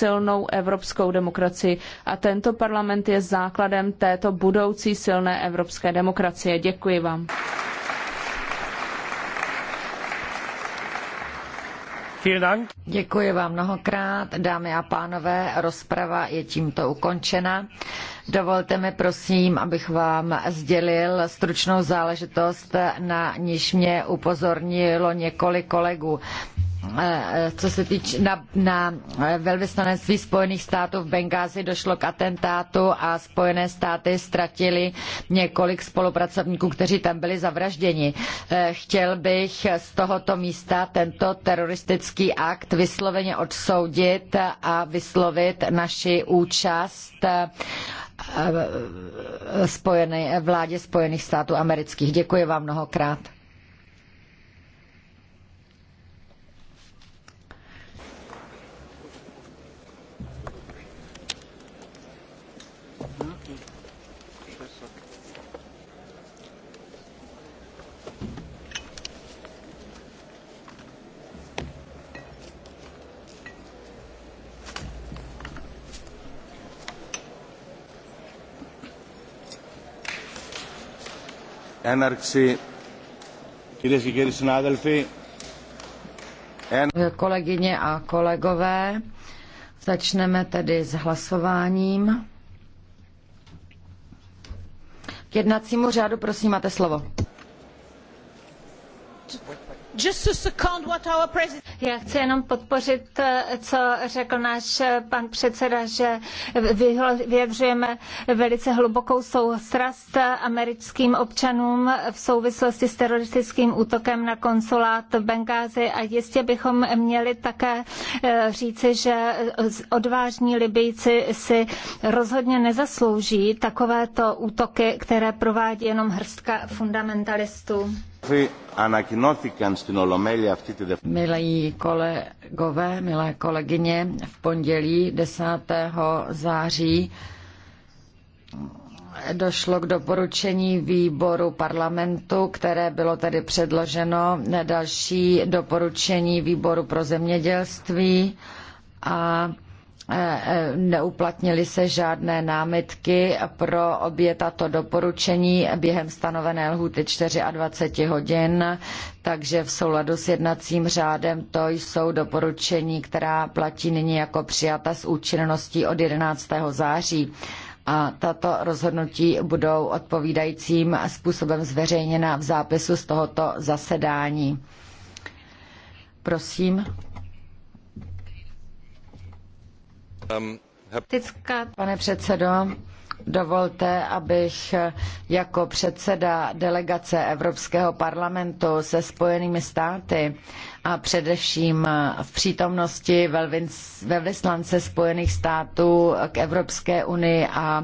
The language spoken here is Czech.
silnou evropskou demokracii. A tento parlament je základem této budoucí silné evropské demokracie. Děkuji vám. Děkuji vám mnohokrát, dámy a pánové, rozprava je tímto ukončena. Dovolte mi prosím, abych vám sdělil stručnou záležitost, na níž mě upozornilo několik kolegů. Eh, eh, co se týče na, na eh, velvyslanectví Spojených států v Bengázi došlo k atentátu a Spojené státy ztratili několik spolupracovníků, kteří tam byli zavražděni. Chtěl bych z tohoto místa tento teroristický akt vysloveně odsoudit a vyslovit naši účast spojené, vládě Spojených států amerických. Děkuji vám mnohokrát. Kolegyně a kolegové, začneme tedy s hlasováním. K jednacímu řádu, prosím, máte slovo. Já chci jenom podpořit, eh, co řekl náš eh, pan předseda, že vyjadřujeme velice hlubokou soustrast americkým občanům v souvislosti s teroristickým útokem na konsulát v Bengázi a jistě bychom měli také eh, říci, že odvážní Libijci si rozhodně nezaslouží takovéto útoky, které provádí jenom hrstka fundamentalistů. Milí kolegové, milé kolegyně, v pondělí 10. září došlo k doporučení výboru parlamentu, které bylo tedy předloženo další doporučení výboru pro zemědělství a Eh, eh, neuplatnily se žádné námitky pro obě tato doporučení během stanovené lhůty 24 hodin, takže v souladu s jednacím řádem to jsou doporučení, která platí nyní jako přijata s účinností od 11. září a tato rozhodnutí budou odpovídajícím způsobem zveřejněna v zápisu z tohoto zasedání. Prosím. Pane předsedo, Dovolte, abych jako předseda delegace Evropského parlamentu se Spojenými státy a především v přítomnosti velvyslance Spojených států k Evropské unii a